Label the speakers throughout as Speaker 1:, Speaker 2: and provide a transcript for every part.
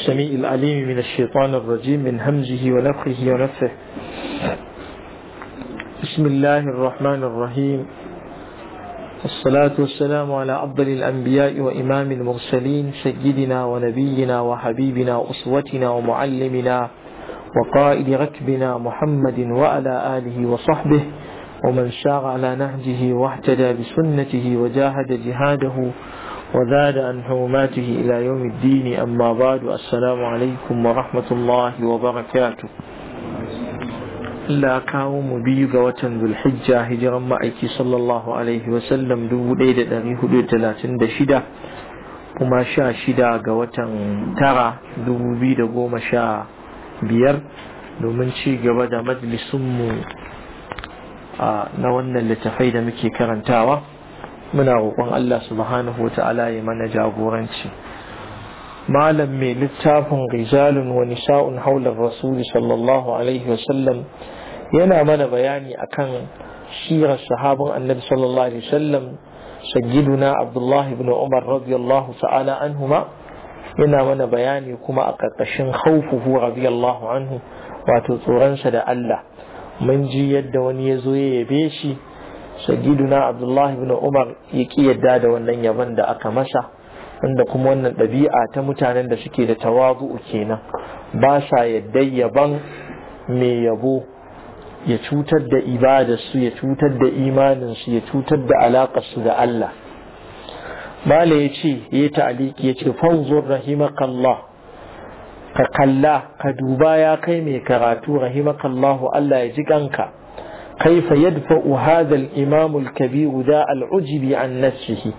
Speaker 1: السميع العليم من الشيطان الرجيم من همزه ونفخه ونفه بسم الله الرحمن الرحيم والصلاة والسلام على أفضل الأنبياء وإمام المرسلين سيدنا ونبينا وحبيبنا وأسوتنا ومعلمنا وقائد ركبنا محمد وعلى آله وصحبه ومن سار على نهجه واهتدى بسنته وجاهد جهاده وزاد عن حرماته إلى يوم الدين أما بعد السلام عليكم ورحمة الله وبركاته Allah kawo mu biyu ga watan Zulhijja hijiran ma'aiki sallallahu Alaihi da shida kuma sha shida ga watan tara da goma sha biyar domin ci gaba da majalisunmu na wannan littafai da muke karantawa. muna roƙon Allah subhanahu ta'ala ya mana jagoranci malam mai littafin rijalun wa nisa'un haular rasuli sallallahu alaihi sallam yana mana bayani akan shirar sahabin annabi sallallahu alaihi sallam, sayyiduna abdullah ibn umar radiyallahu ta'ala anhuma yana mana bayani kuma a ƙarƙashin khawfuhu radiyallahu anhu wato tsoronsa da Allah mun ji yadda wani ya zo ya yabe shi na abdullahi bin umar ya ki yadda da wannan yaban da aka masa wanda kuma wannan ɗabi'a ta mutanen da suke da tawazu'u kenan ba sa yadda yaban mai yabo ya cutar da ibadarsu ya cutar da imaninsu ya cutar da alaƙarsu da Allah mala ya ce ya ta'aliki ya ce fanzur rahimakallah ka kalla ka duba ya kai mai karatu rahimakallahu Allah ya ji ganka كيف يدفع هذا الإمام الكبير داء العجب عن نفسه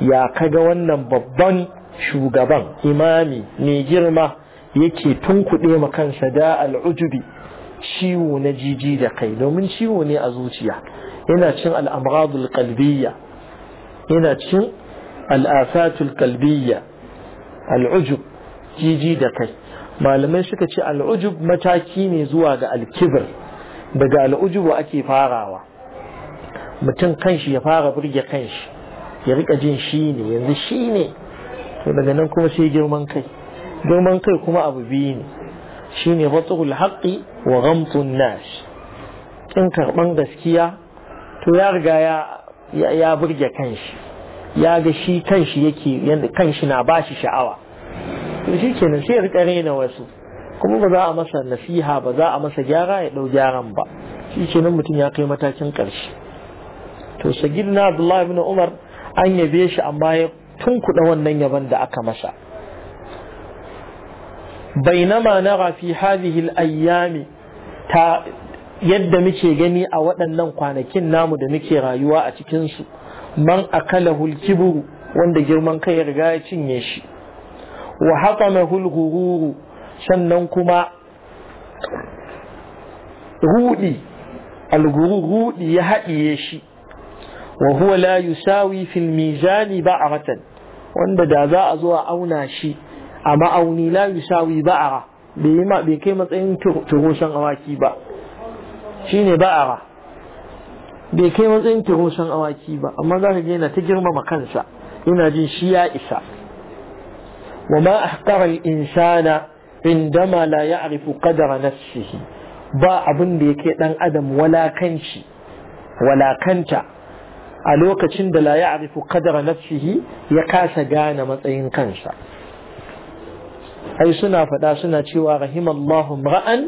Speaker 1: يا كجوانا ببان شو جبان إمامي نجرمة yake tunkuɗe ma kansa da al'ujubi ciwo na jiji da kai domin ciwo ne a zuciya yana cin al'amradul kalbiyya yana cin al'asatul kalbiyya al'ujub jiji da kai malamai suka ce al'ujub mataki ne zuwa ga alkibir daga al'ujubu ake farawa mutum kanshi ya fara burge kanshi ya rika jin shi ne yanzu shi ne to daga nan kuma sai girman kai girman kai kuma abu biyu ne shi ne batul haƙi wa ghamtun nash kin karɓan gaskiya to ya riga ya ya burge kanshi ya ga shi kanshi yake kanshi na bashi sha'awa to shi kenan sai ya rika rena wasu kuma ba za a masa nasiha ba za a masa gyara ya ɗau gyaran ba shi ke nan mutum ya kai matakin ƙarshe to na abdullahi bin umar an yabe shi amma ya tunkuɗa wannan yaban da aka masa bainama na rafi hadhihi al-ayyami ta yadda muke gani a waɗannan kwanakin namu da muke rayuwa a cikinsu man akalahu al-kibru wanda girman kai ya riga ya cinye shi wa hatamahu al-ghururu sannan kuma rudi alguru rudi ya haɗiye shi wa huwa la yusawi fil mizani ba'ratan wanda da za a zo a auna shi a ma'auni la yusawi ba'ara bai kai matsayin turusan awaki ba shine ba'ara bai kai matsayin turusan awaki ba amma za ka yana ta girmama kansa ina jin shi ya isa wa ma ahqara al insana عندما لا يعرف قدر نفسه ba abin da yake dan adam walakanci walakanta a lokacin da la ya'rifu qadara nafsihi ya kasa gane matsayin kansa ai suna faɗa suna cewa rahimallahu ra'an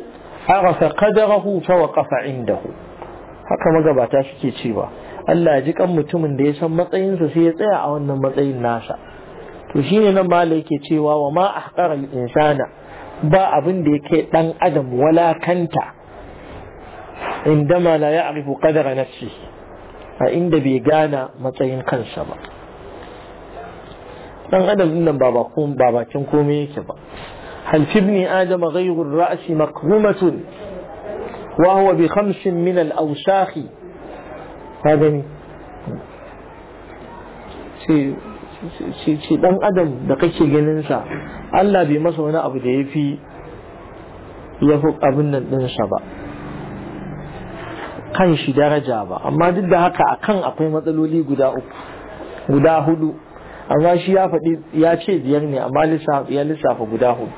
Speaker 1: arafa qadarahu fa waqafa indahu haka magabata suke cewa Allah ya ji kan mutumin da ya san matsayinsa sai ya tsaya a wannan matsayin nasa to shine nan malai yake cewa wa ma ahqara al-insana ba abin da yake dan adam wala kanta indama la ya'rifu qadara nafsi a inda bai gana matsayin kansa ba dan adam din nan baba ko ba bakin komai yake ba hal fi adam ghayru ar-ra's makhumatun wa huwa bi khams min al-awsakh hadani sai ce dan adam da kake ganin sa Allah bai masa wani abu da yafi yafi abin nan din sa ba kan shi daraja ba amma duk da haka akan akwai matsaloli guda uku guda hudu amma shi ya faɗi ya ce biyar ne amma ya lissafa guda hudu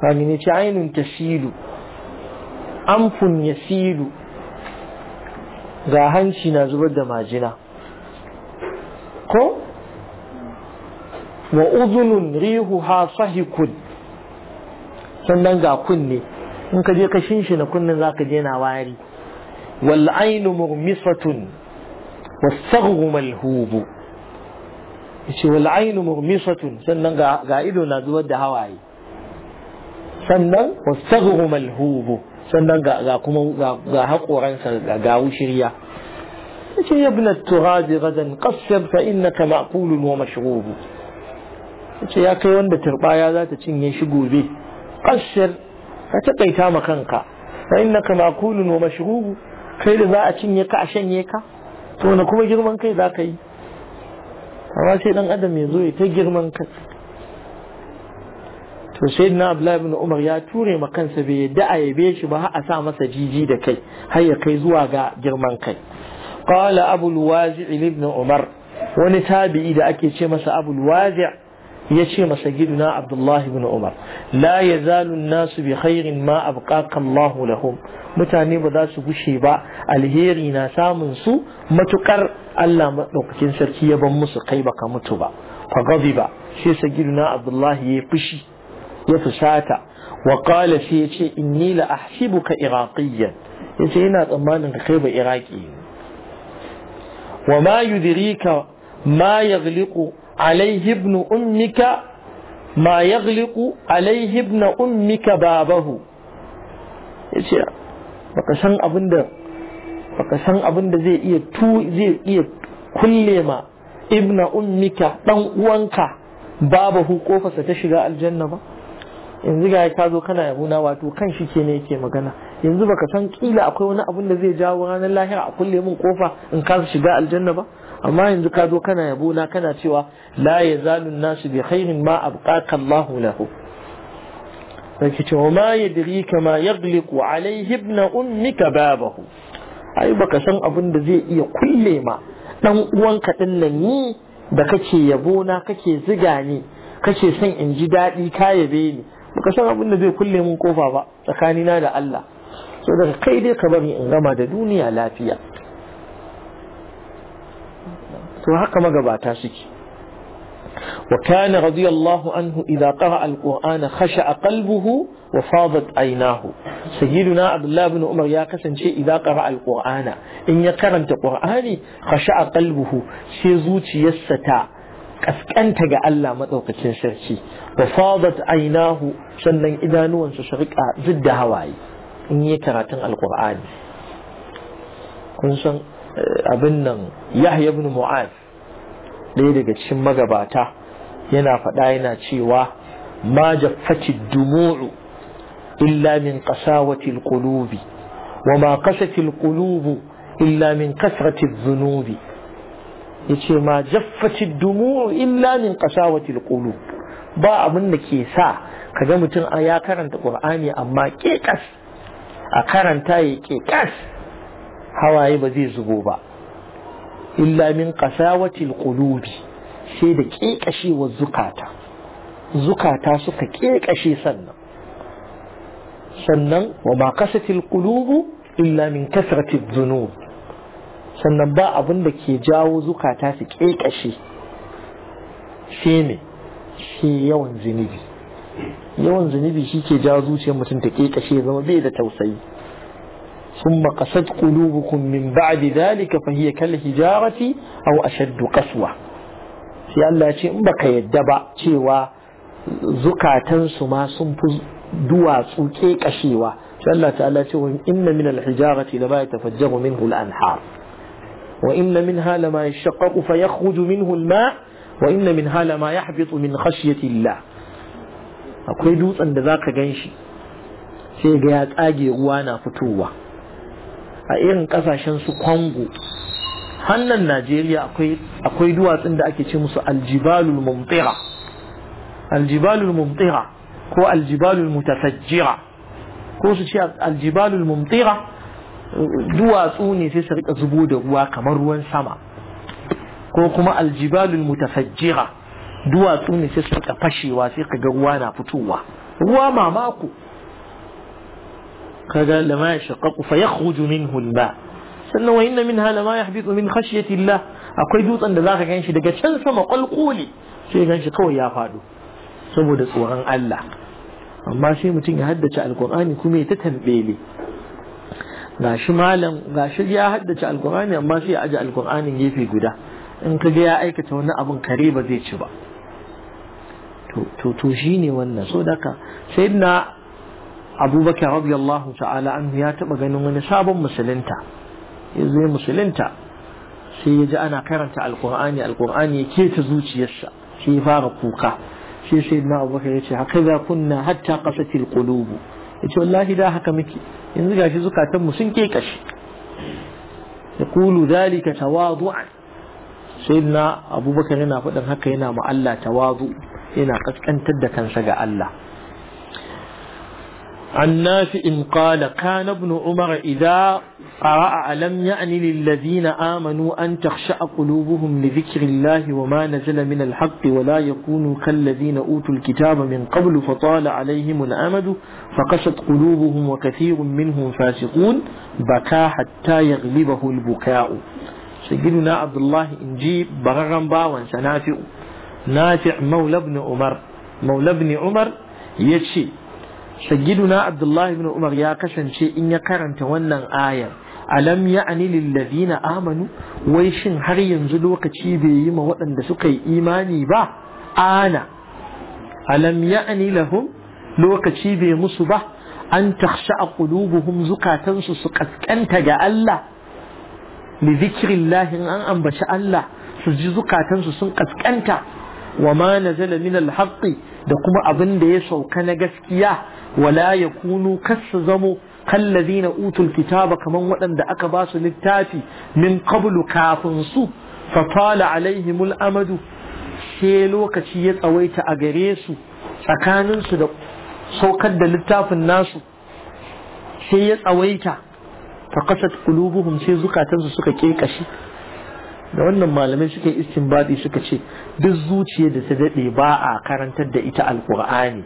Speaker 1: kagin ya ce ainihin tasiru amfun yasiru ga hanci na zubar da majina ko wa uzunun sahi kun, sannan ga kunne in ka je ka shinshina kunnen za ka je na wari wal ainu murmisatun wasaghu malhubu yace wal ainu murmisatun sannan ga ido na zubar da hawaye sannan wasaghu malhubu sannan ga kuma ga haƙoransa ga wushirya ce ya bula turabi gadan qassar fa innaka ma'qulun wa mashghub ce ya kai wanda turbaya za ta cinye shi gobe qassar ka takaita ma kanka fa innaka ma'qulun wa mashghub kai da za a cinye ka a shanye ka to na kuma girman kai za sai dan adam ya zo ya girman na abdullahi ibn umar ya ture ma bai yarda a yabe shi ba har a sa masa jiji da kai har ya kai zuwa ga girman kai قال أبو الوازع لابن عمر ونتابي إذا أكيد شمس أبو الوازع يشم سيدنا عبد الله بن عمر لا يزال الناس بخير ما أبقاك الله لهم متاني بدا سبشي با الهير سو متكر ألا مقتن سركي بمس قيبك متبا فغضب شي سيدنا عبد الله يبشي يفساتا وقال شي إني لأحسبك إراقيا يتعينا أمانا خيب إراقيين wa ma yudrika ma yaghliqu alayhi ummika ma yaghliqu alayhi ibn ummika babahu yace baka san abin baka san abin da zai iya tu zai iya kulle ma ibn ummika dan uwanka babahu kofarsa ta shiga aljanna ba yanzu ga ka zo kana yabona wato kan shi ke ne yake magana yanzu baka san kila akwai wani abun da zai jawo ranar lahira a kulle mun kofa in ka shiga aljanna ba amma yanzu ka zo kana yabo na kana cewa la yazalu nasu bi khairin ma abqaka Allah lahu sai ki ce ma yadrika ma yaghliqu alayhi ibn ummika babahu ai baka san abin da zai iya kulle ma dan uwan ka din nan ni da kake yabo na kake ziga ni kake son in ji dadi ka yabe ni baka san abin da zai kulle mun kofa ba tsakanina da Allah so daga kai dai ka bari in gama da duniya lafiya to haka magabata suke وكان رضي الله عنه إذا قرأ القرآن خشع قلبه وفاضت عيناه سيدنا عبد الله بن عمر يا كسن شيء إذا قرأ القرآن إن يقرأ القرآن خشع قلبه سيزوت يستع أسكنت الله مدوك سنسرشي وفاضت عيناه سنن إذا نوان سشرق زد هواي in yi karatun alkur'ani kun san eh, abin nan yahya ibn mu'az ɗaya daga cikin magabata yana faɗa yana cewa ma jaffaci dumu'u illa min qasawati alqulubi wa ma qasati alqulubu illa min kasrati dhunubi yace ma jaffaci dumu'u illa min qasawati alqulub ba abin da ke sa kaga mutum ya karanta qur'ani amma ƙeƙas a karanta ya ke kas hawaye ba zai zubo ba illa min qasawati kulubi sai da kekashewar zukata zukata suka kekashe sannan sannan wa ma kasatil kulubu illa min kasrati dhunub sannan ba abin da ke jawo zukata su kekashe shi ne shi yawan zunubi yawan zunubi shi ke jawo zuciyar mutum ta kashe zama bai da tausayi ثم قست قلوبكم من بعد ذلك فهي كالحجارة أو أشد قسوة sai Allah ce in baka yadda ba cewa zukatansu ma sun fi duwa su ke kashewa sai Allah ta'ala ce wa inna min al-hijarati lama yatafajjaru minhu al-anhar wa inna minha lama yashaqqaqu fayakhruju minhu al-ma' wa inna minha lama yahbitu min khashyati Allah akwai dutsen da zaka gan shi sai ga ya tsage ruwa na fitowa a irin kasashen su kwango hannan najeriya akwai duwatsun da ake ce musu aljibalul mumtira aljibalul mumtira ko aljibalul mutafajjira ko su ce aljibalul mumtira duwatsu ne sai su rika zubo da ruwa kamar ruwan sama ko kuma aljibalul mutafajjira duwatsu ne sai suka fashewa sai ka ga ruwa na fitowa ruwa mamako kaga lama ya shaqaqu fa yakhruju minhu al sannan wa inna minha lama yahbitu min khashyati Allah akwai dutsen da zaka ganshi daga can sama kulkuli sai ganshi kawai ya fado saboda tsoron Allah amma sai mutum ya haddace alqur'ani kuma ya ta tambele gashi malam gashi ya haddace alqur'ani amma sai ya aje alqur'anin gefe guda in ka ga ya aikata wani abin kare ba zai ci ba to shi ne wannan so daga sayyidina na abubakar radiyallahu ta'ala an ya taba ganin wani sabon musulunta yanzu ya musulunta sai ya ji ana karanta alqur'ani alqur'ani ya keta zuciyarsa shi ya fara kuka shi sayyidina na abubakar ya ce haka za kunna hatta qasatil qulub ya ce wallahi da haka muke yanzu gashi mu sun kekashi يقول ذلك تواضعا سيدنا أبو بكر هنا فدن هكا هنا مع الله تواضع ان قد da kansa ga الله الناس إن قال كان ابن عمر إذا قرأ ألم يأن للذين آمنوا أن تخشع قلوبهم لذكر الله وما نزل من الحق ولا يكونوا كالذين أوتوا الكتاب من قبل فطال عليهم الأمد فقشت قلوبهم وكثير منهم فاسقون بكى حتى يغلبه البكاء سيدنا عبد الله إنجيب برغم باوان سنافئ نافع مولى ابن عمر مولى ابن عمر يشي سيدنا عبد الله بن عمر يا كشن شيء إن يكرنت ونن آية ألم يعني للذين آمنوا ويشن هري ينزلوا كتيبي بيما وأن دسوكي إيماني با أنا ألم يعني لهم لو كتيبي مصبة أن تخشى قلوبهم زكاة سقط أنت جاء الله لذكر الله أن أنبش الله سجزكاة سنقت أنت وما نزل من الحق da kuma abin da ya sauka na gaskiya wala ya kunu kasu zamo kallazi na utul kitaba kaman waɗanda aka ba su littafi min qablu kafin su fatala alaihimul amadu sai lokaci ya tsawaita a gare su tsakaninsu da saukar da littafin nasu sai ya tsawaita fakasat kulubuhum sai zukatansu suka kekashi da wannan malamai suka yi istinbadi suka ce duk zuciyar da ta dade ba a karantar da ita alqur'ani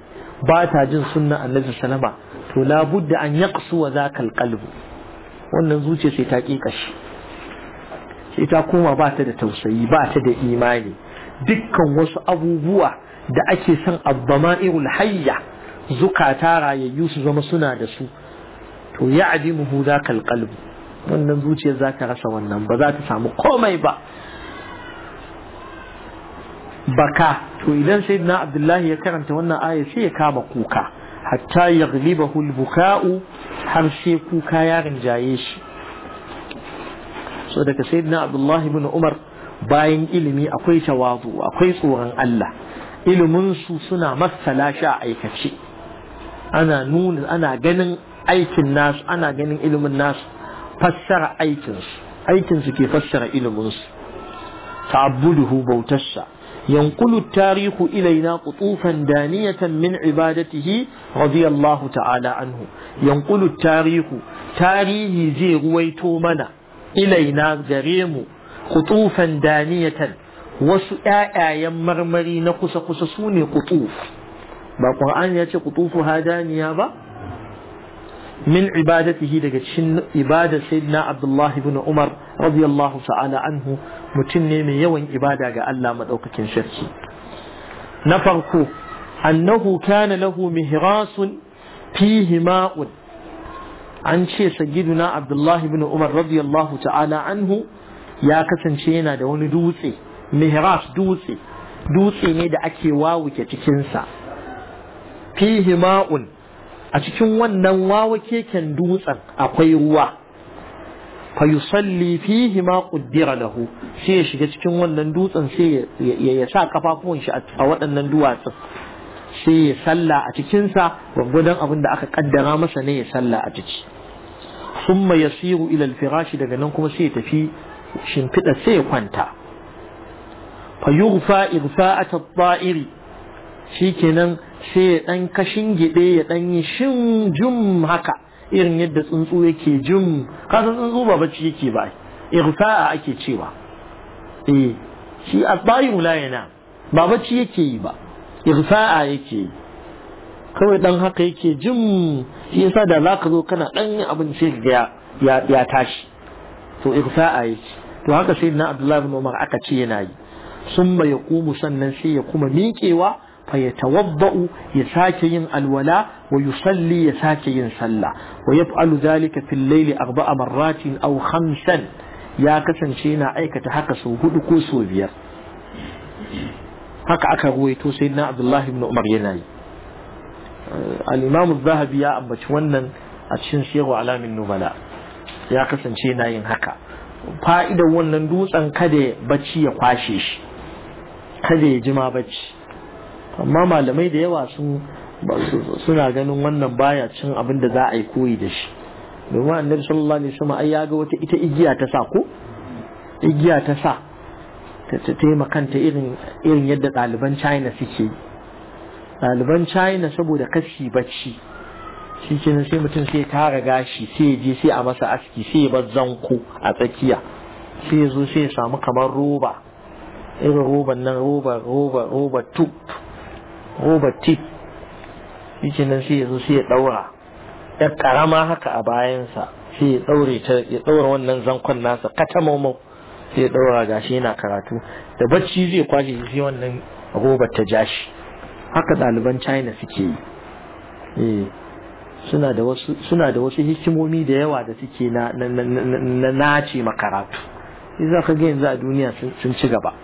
Speaker 1: ba ta jin sunna annabi sallama to budda an yaqsu wa zakal qalbu wannan zuciya sai ta kika shi sai ta koma ba ta da tausayi ba ta da imani dukkan wasu abubuwa da ake san abdama'ul hayya zukata rayayyu su zama suna da su to ya'dimu zakal qalbu wannan zuciyar zaka rasa wannan ba za ta samu komai ba baka to idan sayyidina abdullahi ya karanta wannan aya sai ya kama kuka hatta yaghlibahu al-buka'u har sai kuka ya rinjaye shi so daga sayyidina abdullahi ibn umar bayan ilimi akwai tawazu akwai tsoron Allah ilimin su suna masala sha aikace ana nuna ana ganin aikin nasu ana ganin ilimin nasu fassara aikinsu aikinsu ke fassara iliminsu ta'abbuduhu bautarsa ينقل التاريخ إلينا قطوفا دانية من عبادته رضي الله تعالى عنه ينقل التاريخ تاريخ زي غويتو منا
Speaker 2: إلينا
Speaker 1: جريم قطوفا دانية وسؤاء يمرمري قصة قصصوني قطوف بقرآن يأتي قطوفها دانية min ibadatihi daga cikin ibadar sayyidina Abdullah ibn Umar radiyallahu ta'ala anhu mutum ne mai yawan ibada ga Allah madaukakin sarki na farko annahu kana lahu mihrasun fihi ma'un an ce sayyiduna Abdullahi ibn Umar radiyallahu ta'ala anhu ya kasance yana da wani dutse mihras dutse dutse ne da ake wawuke cikinsa fihi ma'un a cikin wannan wawa keken dutsen akwai ruwa fa yusalli fihi ma quddira lahu sai ya shiga cikin wannan dutsen sai ya sa kafafuwan shi a waɗannan duwatsun sai ya salla a cikin sa gwargwadon abin da aka kaddara masa ne ya salla a ciki summa yasiru ila al-firashi daga nan kuma sai ya tafi shimfiɗa sai ya kwanta fa yughfa irfa'at at-ta'iri shikenan sai ya ɗan kashin gide ya ɗan yi shin jum haka irin yadda tsuntsu yake jum kasan tsuntsu ba bacci yake ba irsa'a ake cewa eh shi asbayi ulayana ba bacci yake yi ba irsa'a yake yi kawai ɗan haka yake jim shi yasa da za ka zo kana dan abin sai ga ya tashi to irsa'a yake to haka sai na Abdullahi bin aka ce yana yi summa kumu sannan sai ya kuma miƙewa فيتوضأ يساكين الولاء ويصلي يساكين صلى ويفعل ذلك في الليل أربع مرات أو خمسا يا كسن شينا أي كتحقص وهدك وسوبير هك أكا غويتو سيدنا عبد الله بن أمر يناي آه، الإمام الذهبي يا أبا تونن أتشن شيغو علام النبلاء يا كسن شينا ين هكا فائدة ونن أن كده بچي يقاشيش كده جما بچي amma malamai da yawa suna ganin wannan baya cin abin da za a yi koyi da shi domin annabi sallallahu alaihi wasallam ai ya ga wata ita igiya ta sa ko igiya ta sa ta taimakanta irin irin yadda ɗaliban China suke yi ɗaliban China saboda kashi bacci shi nan sai mutum sai tara gashi sai je sai a masa aski sai ya bar zanko a tsakiya sai ya zo sai ya samu kamar roba irin roban nan roba roba roba tup robar tip shi nan shi ya zo shi ya ɗaura ‘yar ƙarama haka a bayansa shi ya ɗaure ta ya ɗaura wannan zankon nasa momo sai ya ɗaura gashi yana karatu da bacci zai kwashe shi wannan robar ta jashi haka ɗaliban china suke yi eh, suna da wasu hikimomi da yawa da suke na na nace makaratu za ga yanzu a duniya sun ci gaba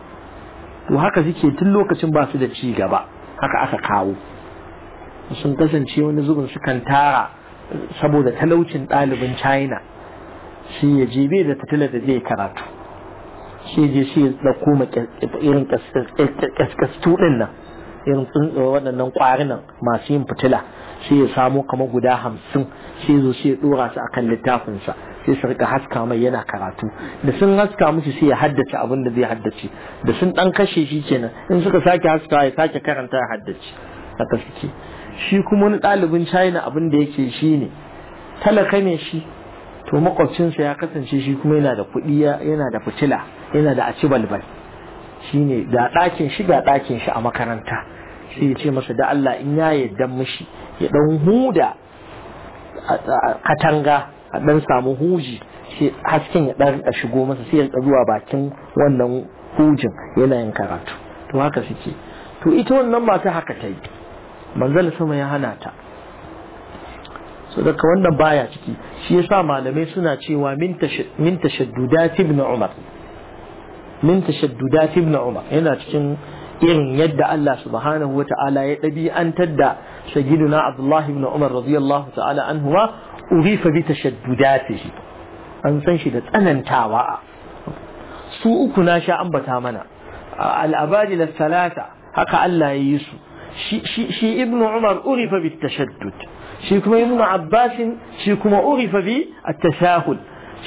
Speaker 1: to haka suke tun lokacin ba su da ci gaba haka aka kawo sun kasance wani zubin sukan tara saboda talaucin ɗalibin china shi ya je bai da fitila da zai karatu shi ya je shi ya ɗauko irin kaskastu ɗin nan irin tsuntsuwa waɗannan ƙwarinan masu yin fitila sai ya samo kamar guda hamsin sai zo sai ya ɗora su akan littafinsa sai su rika haska mai yana karatu da sun haska musu sai ya haddace abin da zai haddace da sun ɗan kashe shi kenan in suka sake haska ya sake karanta ya haddace haka suke shi kuma wani ɗalibin china abin da yake shi ne talaka ne shi to makwabcinsa ya kasance shi kuma yana da kuɗi yana da fitila yana da aci balbal shine ga ɗakin shi ga ɗakin shi a makaranta sai ya ce masa da Allah in ya yarda mishi ya ɗan huda katanga a dan samu huji sai hasken ya dan shigo masa sai ya zuwa bakin wannan hujin yana yin karatu to haka suke to ita wannan mata haka ta yi manzal sama ya hana ta so daga wannan baya ciki shi yasa malamai suna cewa min tashaddudat ibn umar من تشددات ابن عمر هنا تشن إن يدى الله سبحانه وتعالى يدى أن تدى سيدنا عبد الله بن عمر رضي الله تعالى عنهما أضيف بتشدداته أن تنشدت أنا انتاوى سوء كناشا أن بتامنا الأباد الثلاثة هكا الله يسو شي, ابن عمر أضيف بالتشدد شي كما ابن عباس شي كما أضيف بالتساهل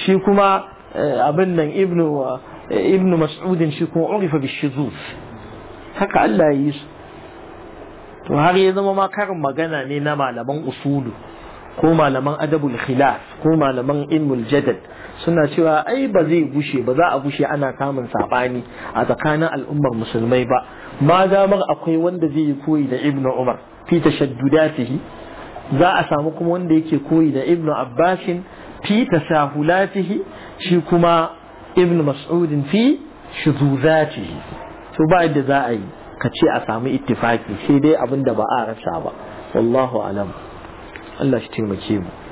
Speaker 1: شي كما آه، ابن ابن ابن مسعود shi kuma urifa bi shuzuz haka Allah ya yi su to har ya zama ma karin magana ne na malaman usulu ko malaman adabul khilaf ko malaman ilmul jadad suna cewa ai ba zai gushe ba za a gushe ana samun sabani a tsakanin al'ummar musulmai ba ma damar akwai wanda zai yi koyi da ibnu umar fi tashaddudatihi za a samu kuma wanda yake koyi da ibnu abbasin fi tasahulatihi shi kuma ibn mas'udin fi shuzuzatihi to ba yadda za a yi ka ce a samu ittifaki sai dai abin da ba a rasa ba wallahu alam Allah shi taimake mu